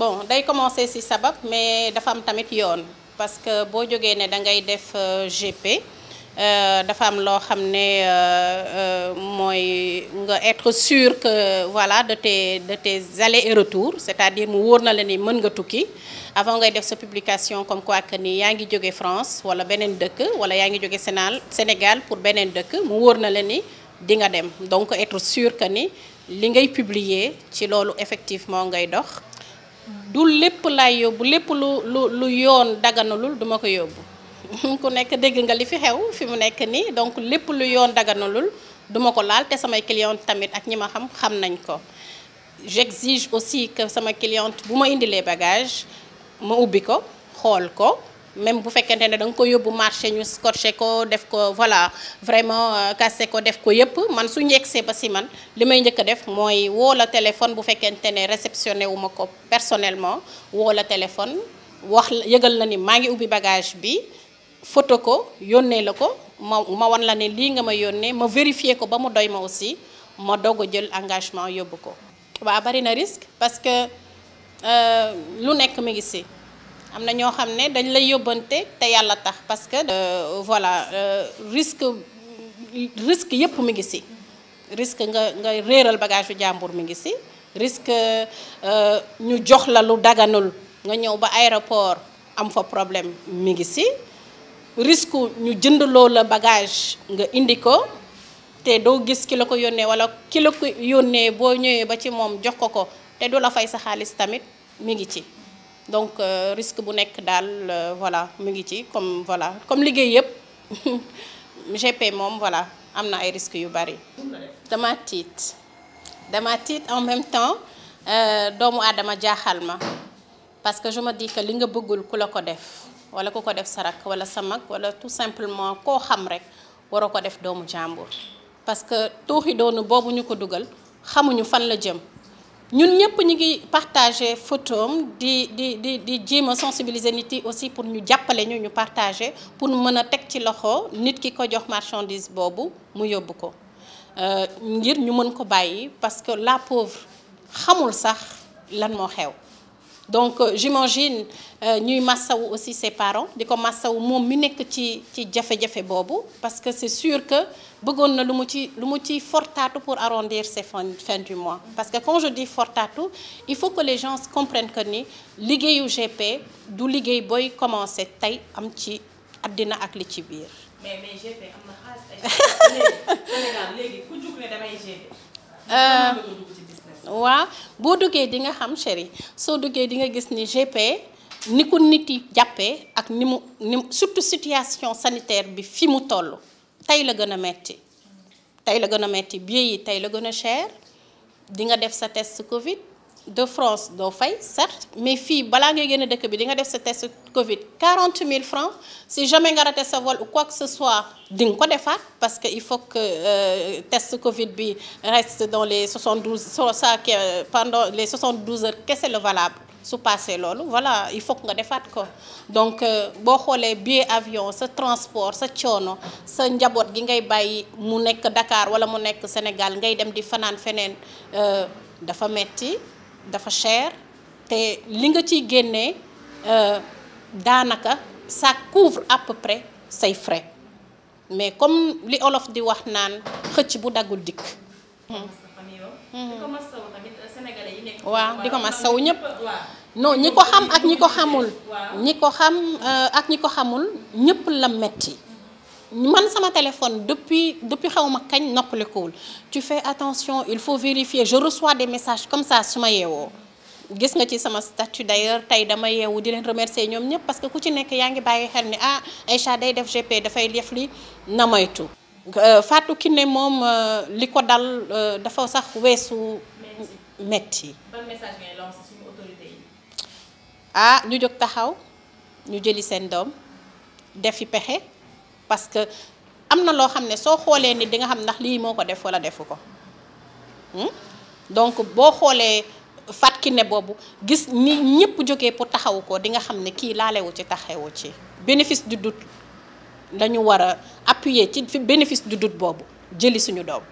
bon day commencer ci sabab mais dafa am tamit yoon parce que boo jógee ne da ngay def euh, GP euh, dafa am loo xam ne euh, mooy nga être sûr que voilà de te de tes allers et retours c'est-à-dire mu wóor na la ni mën nga tukki avant ngay def sa publication comme quoi que nii yaa ngi jóge France wala beneen dëkk wala yaa ngi jóge Sénégal Sénégal pour beneen dëkk mu wóor na la ni di nga dem donc être sûr que ni li ngay publier ci loolu effectivement ngay dox du lépp laay yóbbu lépp lu lu lu yoon daganalul duma ko yóbbu ku nekk dégg nga li fi xew fi mu nekk nii donc lépp lu yoon daganalul duma ko laal te samay client tamit ak ñi ma xam xam nañ ko j'exige aussi que sama cliente bu ma indilee bagage ma ubbi ko xool ko même bu fekkente ne da nga ko yóbbu marché ñu scotché ko def ko voilà vraiment euh, cassé ko def ko yépp man su ñu yegsee ba si man li may njëkk a def mooy woo la téléphone bu fekkente ne réceptionné wu ma ko personnellement woo la téléphone wax yëgal la ni maa ngi ubbi bagage bi photo ko yónnee la ko ma ma wan la ne lii nga ma yónnee ma vérifier ko ba mu doy ma aussi ma doog jël engagement yóbbu ko. waaw bari na risque parce que euh, lu nekk ma ngi am na ñoo xam ne dañ lay yóbbante te yàlla tax parce que euh, voilà euh, risque risque yëpp mi ngi si risque nga nga réeral bagage yu jàmbur mi ngi si risque euh, ñu jox la lu daganul nga ñëw ba aéroport am fa problème mi ngi si risque ñu jëndaloo bagage nga indi ko te doo gis ki la ko yónnee wala ki la ko yónnee boo ñëwee ba ci moom jox ko ko te du la fay sa xaalis tamit mi ngi ci donc euh, risque bu nekk daal euh, voilà mu ngi ci comme voilà comme liggéey yëpp GP moom voilà am na ay risques yu bari. dama tiit dama tiit en même temps euh, doomu aadama jaaxal ma parce que je me li nga bëggul ku la ko def wala ku ko def sa rakk wala sa mag wala tout simplement koo xam rek waroo ko def doomu jàmbur parce que tuuxi doonu boobu ñu ko dugal xamuñu fan la jëm. ñun ñëpp ñu ngi partagé photom di di di di jéem a sensibiliser nit yi aussi pour ñu jàppale ñu ñu partagé pour mën a teg ci loxo nit ki ko jox marchandise boobu mu yóbbu ko euh, ngir ñu mën ko bàyyi parce que la pauvre xamul sax lan moo xew donc euh, j'imagine euh, ñuy massawu aussi ses parents di ko massawu moom mi nekk ci ci jafe-jafe boobu parce que c'est sur que bëggoon na lu mu ci lu mu ci fortaatu pour arrondir ses fins fin du mois parce que quand je dis fortaatu il faut que les gens comprennent que ni liggéeyu GP du liggéey booy commencer tey am ci àddina ak li ci biir mais waaw boo duggee dinga nga xam chéri soo duggee di nga gis ni GP ni ko nit yi jàppee ak ni mu ni surtout situation sanitaire bi fi mu toll tey la gën a metti tey la gën a metti billet yi tey la gën a cher di nga def sa test Covid de France doo fay certes mais fii balaa ngay génn dëkk bi di nga def sa test Covid 40 mille francs si jamais nga raté sa vol ou quoi que ce soit di nga ko defaat parce que il faut que euh, test Covid bi reste dans les 72 ça pendant les 72 heures kese la valable su passé loolu voilà il faut que nga defaat ko donc euh, boo xoolee billet avion sa transport sa coono sa njaboot gi ngay bàyyi mu nekk Dakar wala mu nekk Sénégal ngay dem di fanaan feneen euh, dafa metti dafa cher te li nga ciy génnee euh, daanaka ça couvre à peu près say frais mais comme li olof di wax naan xëcc bu daggul dikk. Oh? Mhm. Euh, waaw di ko mas saw ñëpp non ñi ko xam ak ñi ko xamul ñi ko xam euh, ak ñi ko xamul ñëpp la metti man sama téléphone depuis depuis xaw ma kañ noppalikuwul tu fait attention il faut vérifier je reçois des message comme ça su ma yeewoo gis nga ci sama statut d'ailleurs tey dama yeewu di leen remercier ñoom ñëpp parce que ku ci nekk yaa ngi bàyyi xel ni ah Aïcha day def GP dafay def li na moytu euh, ki ne moom euh, li ko dal euh, dafa sax weesu metti ban message ngay ah ñu jóg taxaw ñu jëli seen doom defi pexe parce que am na loo xam ne soo xoolee nit di nga xam ndax lii moo ko def wala defu ko hmm? donc boo xoolee Fatou Kiné boobu gis ni ñëpp jógee pour taxawu ko di nga xam ne kii laalewu ci taxawu ci bénéfice du doute la war a appuyer ci bénéfice du doute boobu jëli suñu doom